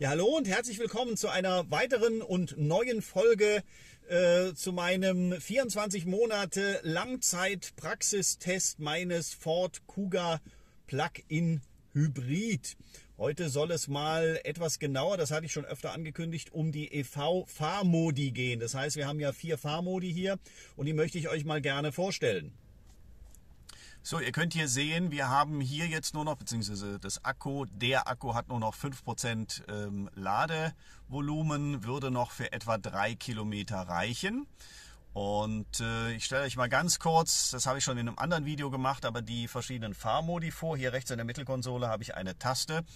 Ja, hallo und herzlich willkommen zu einer weiteren und neuen Folge äh, zu meinem 24 Monate Langzeitpraxistest meines Ford Kuga Plug-in Hybrid. Heute soll es mal etwas genauer, das hatte ich schon öfter angekündigt, um die EV-Fahrmodi gehen. Das heißt, wir haben ja vier Fahrmodi hier und die möchte ich euch mal gerne vorstellen. So, ihr könnt hier sehen, wir haben hier jetzt nur noch, beziehungsweise das Akku, der Akku hat nur noch 5% ähm, Ladevolumen, würde noch für etwa 3 Kilometer reichen. Und äh, ich stelle euch mal ganz kurz, das habe ich schon in einem anderen Video gemacht, aber die verschiedenen Fahrmodi vor. Hier rechts in der Mittelkonsole habe ich eine Taste.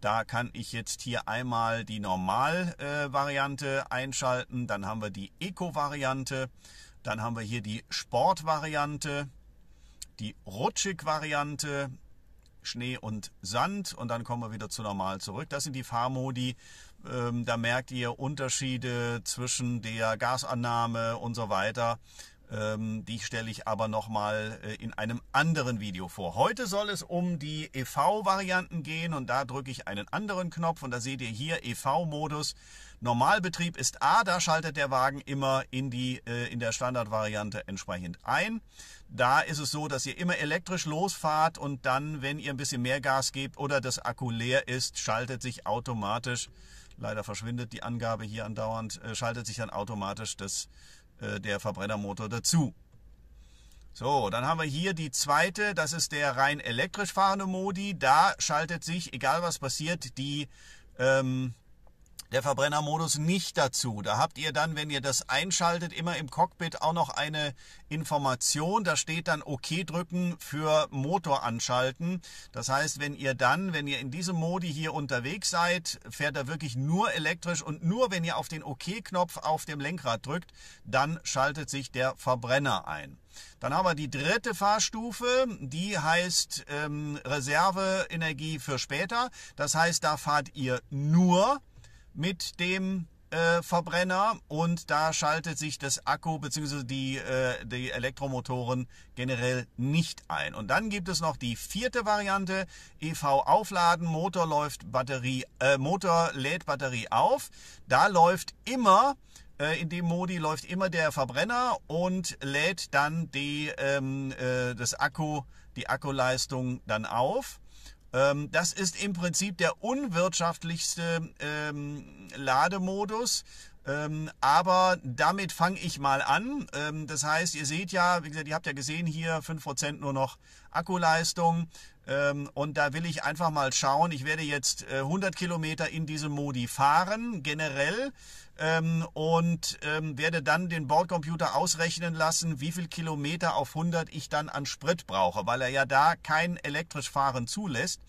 Da kann ich jetzt hier einmal die Normalvariante äh, einschalten. Dann haben wir die Eco-Variante. Dann haben wir hier die Sport-Variante die Rutschig-Variante, Schnee und Sand und dann kommen wir wieder zu normal zurück. Das sind die Fahrmodi. Ähm, da merkt ihr Unterschiede zwischen der Gasannahme und so weiter. Ähm, die stelle ich aber nochmal äh, in einem anderen Video vor. Heute soll es um die EV-Varianten gehen und da drücke ich einen anderen Knopf und da seht ihr hier EV-Modus. Normalbetrieb ist A, da schaltet der Wagen immer in, die, äh, in der Standardvariante entsprechend ein. Da ist es so, dass ihr immer elektrisch losfahrt und dann, wenn ihr ein bisschen mehr Gas gebt oder das Akku leer ist, schaltet sich automatisch, leider verschwindet die Angabe hier andauernd, äh, schaltet sich dann automatisch das äh, der Verbrennermotor dazu. So, dann haben wir hier die zweite, das ist der rein elektrisch fahrende Modi. Da schaltet sich, egal was passiert, die ähm, der Verbrennermodus nicht dazu. Da habt ihr dann, wenn ihr das einschaltet, immer im Cockpit auch noch eine Information. Da steht dann OK drücken für Motor anschalten. Das heißt, wenn ihr dann, wenn ihr in diesem Modi hier unterwegs seid, fährt er wirklich nur elektrisch und nur wenn ihr auf den OK-Knopf auf dem Lenkrad drückt, dann schaltet sich der Verbrenner ein. Dann haben wir die dritte Fahrstufe, die heißt ähm, Reserveenergie für später. Das heißt, da fahrt ihr nur mit dem äh, Verbrenner und da schaltet sich das Akku bzw. Die, äh, die Elektromotoren generell nicht ein. Und dann gibt es noch die vierte Variante, EV aufladen, Motor läuft Batterie, äh, Motor lädt Batterie auf. Da läuft immer äh, in dem Modi läuft immer der Verbrenner und lädt dann die, ähm, äh, das Akku, die Akkuleistung dann auf. Ähm, das ist im Prinzip der unwirtschaftlichste ähm, Lademodus. Ähm, aber damit fange ich mal an. das heißt, ihr seht ja, wie gesagt, ihr habt ja gesehen hier 5% nur noch Akkuleistung. Ähm, und da will ich einfach mal schauen. Ich werde jetzt 100 äh, Kilometer in diesem Modi fahren, generell. Ähm, und ähm, werde dann den Bordcomputer ausrechnen lassen, wie viel Kilometer auf 100 ich dann an Sprit brauche, weil er ja da kein elektrisch Fahren zulässt.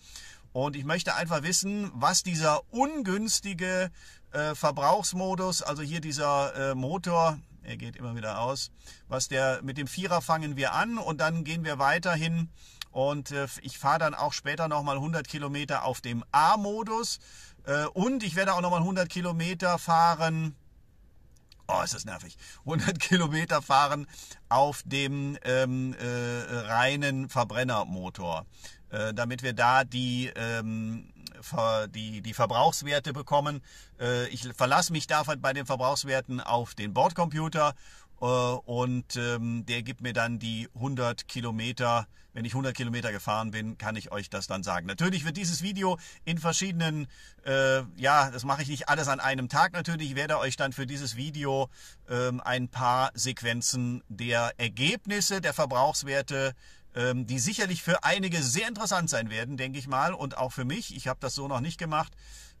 Und ich möchte einfach wissen, was dieser ungünstige äh, Verbrauchsmodus, also hier dieser äh, Motor, er geht immer wieder aus, was der mit dem Vierer fangen wir an und dann gehen wir weiterhin und äh, ich fahre dann auch später nochmal 100 Kilometer auf dem A-Modus. Äh, und ich werde auch nochmal 100 Kilometer fahren. Oh, ist das nervig. 100 Kilometer fahren auf dem ähm, äh, reinen Verbrennermotor, äh, damit wir da die ähm, die, die Verbrauchswerte bekommen. Äh, ich verlasse mich da bei den Verbrauchswerten auf den Bordcomputer und ähm, der gibt mir dann die 100 Kilometer wenn ich 100 Kilometer gefahren bin, kann ich euch das dann sagen. Natürlich wird dieses Video in verschiedenen, äh, ja, das mache ich nicht alles an einem Tag natürlich. Ich werde euch dann für dieses Video ähm, ein paar Sequenzen der Ergebnisse der Verbrauchswerte ähm, die sicherlich für einige sehr interessant sein werden, denke ich mal, und auch für mich. Ich habe das so noch nicht gemacht.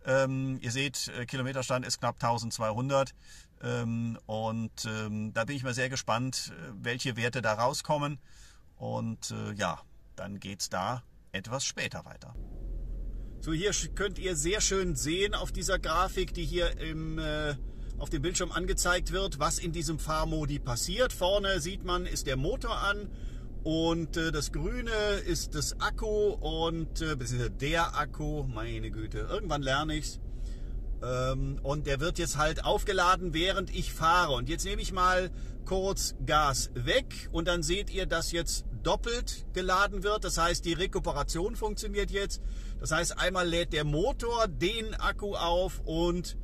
Ähm, ihr seht, äh, Kilometerstand ist knapp 1200 ähm, und ähm, da bin ich mal sehr gespannt, äh, welche Werte da rauskommen. Und äh, ja, dann geht es da etwas später weiter. So, hier könnt ihr sehr schön sehen auf dieser Grafik, die hier im, äh, auf dem Bildschirm angezeigt wird, was in diesem Fahrmodi passiert. Vorne sieht man, ist der Motor an und äh, das Grüne ist das Akku und äh, der Akku, meine Güte, irgendwann lerne ich's. Ähm, und der wird jetzt halt aufgeladen, während ich fahre. Und jetzt nehme ich mal kurz Gas weg und dann seht ihr, dass jetzt doppelt geladen wird. Das heißt, die Rekuperation funktioniert jetzt. Das heißt, einmal lädt der Motor den Akku auf und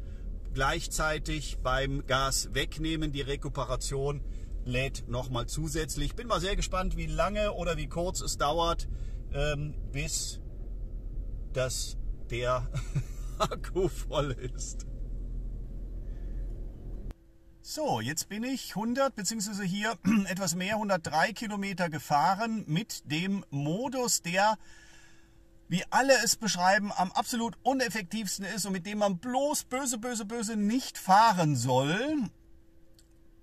gleichzeitig beim Gas wegnehmen die Rekuperation lädt nochmal zusätzlich. Bin mal sehr gespannt, wie lange oder wie kurz es dauert, ähm, bis das der Akku voll ist. So, jetzt bin ich 100 beziehungsweise hier etwas mehr 103 Kilometer gefahren mit dem Modus, der, wie alle es beschreiben, am absolut uneffektivsten ist und mit dem man bloß böse, böse, böse nicht fahren soll.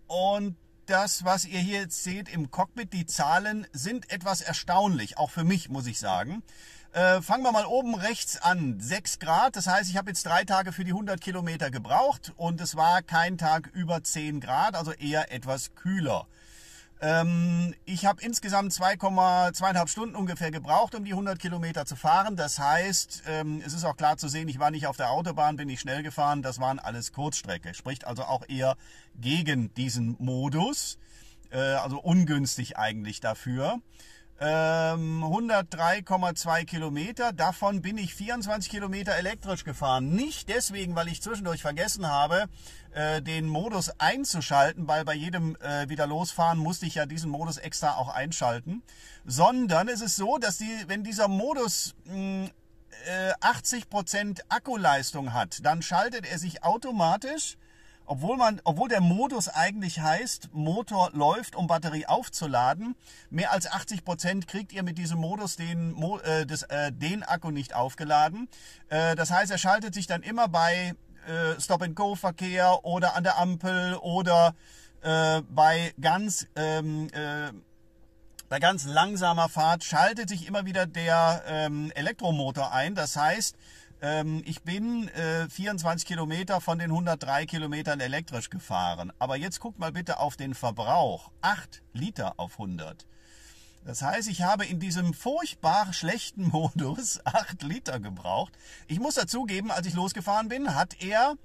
Und das, was ihr hier jetzt seht im Cockpit, die Zahlen sind etwas erstaunlich, auch für mich muss ich sagen. Äh, fangen wir mal oben rechts an. 6 Grad, das heißt, ich habe jetzt drei Tage für die 100 Kilometer gebraucht und es war kein Tag über 10 Grad, also eher etwas kühler. Ähm, ich habe insgesamt 2,5 Stunden ungefähr gebraucht, um die 100 Kilometer zu fahren. Das heißt, ähm, es ist auch klar zu sehen, ich war nicht auf der Autobahn, bin nicht schnell gefahren. Das waren alles Kurzstrecke, spricht also auch eher gegen diesen Modus, äh, also ungünstig eigentlich dafür ähm, 103,2 Kilometer. Davon bin ich 24 Kilometer elektrisch gefahren. Nicht deswegen, weil ich zwischendurch vergessen habe, äh, den Modus einzuschalten, weil bei jedem äh, wieder losfahren musste ich ja diesen Modus extra auch einschalten, sondern es ist so, dass die, wenn dieser Modus mh, hm, äh, 80% Akkuleistung hat, dann schaltet er sich automatisch obwohl, man, obwohl der Modus eigentlich heißt, Motor läuft, um Batterie aufzuladen, mehr als 80 Prozent kriegt ihr mit diesem Modus den, äh, des, äh, den Akku nicht aufgeladen. Äh, das heißt, er schaltet sich dann immer bei äh, Stop-and-Go-Verkehr oder an der Ampel oder äh, bei ganz... Ähm, äh, bei ganz langsamer Fahrt schaltet sich immer wieder der ähm, Elektromotor ein. Das heißt, ähm, ich bin äh, 24 Kilometer von den 103 Kilometern elektrisch gefahren. Aber jetzt guckt mal bitte auf den Verbrauch. 8 Liter auf 100. Das heißt, ich habe in diesem furchtbar schlechten Modus 8 Liter gebraucht. Ich muss dazugeben, als ich losgefahren bin, hat er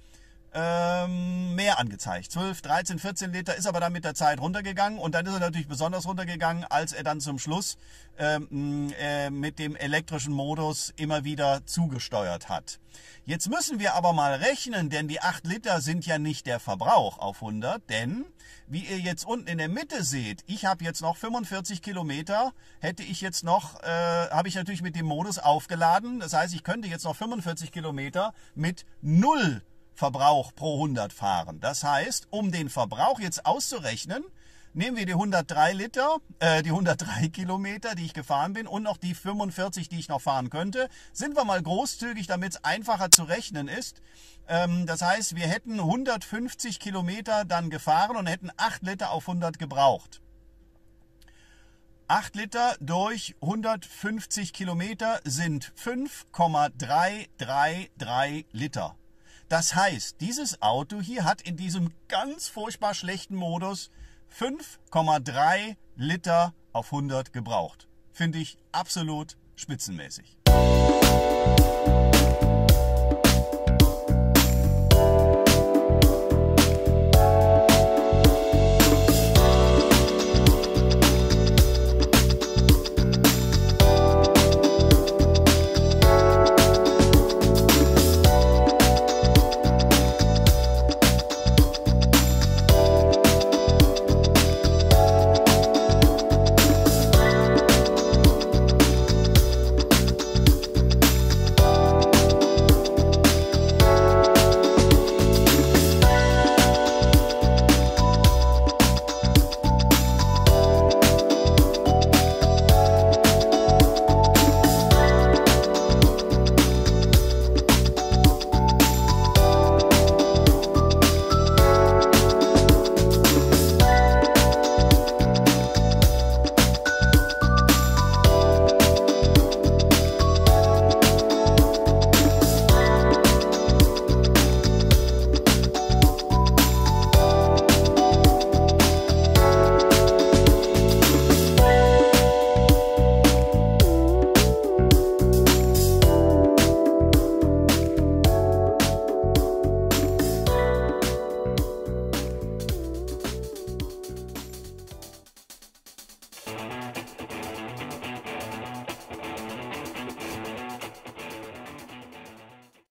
ähm, mehr angezeigt. 12, 13, 14 Liter ist aber dann mit der Zeit runtergegangen und dann ist er natürlich besonders runtergegangen, als er dann zum Schluss ähm, äh, mit dem elektrischen Modus immer wieder zugesteuert hat. Jetzt müssen wir aber mal rechnen, denn die 8 Liter sind ja nicht der Verbrauch auf 100, denn wie ihr jetzt unten in der Mitte seht, ich habe jetzt noch 45 Kilometer, hätte ich jetzt noch, äh, habe ich natürlich mit dem Modus aufgeladen, das heißt, ich könnte jetzt noch 45 Kilometer mit 0 Verbrauch pro 100 fahren. Das heißt, um den Verbrauch jetzt auszurechnen, nehmen wir die 103 Liter, äh, die 103 Kilometer, die ich gefahren bin und noch die 45, die ich noch fahren könnte. Sind wir mal großzügig, damit es einfacher zu rechnen ist. Ähm, das heißt, wir hätten 150 Kilometer dann gefahren und hätten 8 Liter auf 100 gebraucht. 8 Liter durch 150 Kilometer sind 5,333 Liter. Das heißt, dieses Auto hier hat in diesem ganz furchtbar schlechten Modus 5,3 Liter auf 100 gebraucht. Finde ich absolut spitzenmäßig. Musik